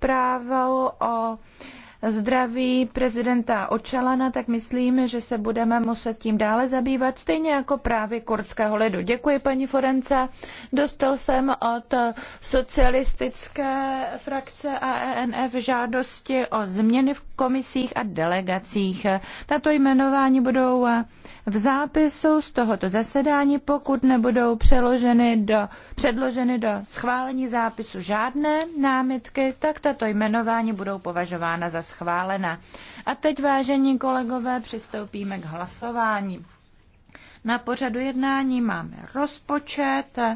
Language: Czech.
právo o zdraví prezidenta Očalana, tak myslím, že se budeme muset tím dále zabývat, stejně jako právě kurdského lidu. Děkuji, paní Forence. Dostal jsem od socialistické frakce AENF žádosti o změny v komisích a delegacích. Tato jmenování budou v zápisu z tohoto zasedání, pokud nebudou přeloženy do, předloženy do schválení zápisu žádné námitky, tak tato jmenování budou považována za schválena. A teď, vážení kolegové, přistoupíme k hlasování. Na pořadu jednání máme rozpočet.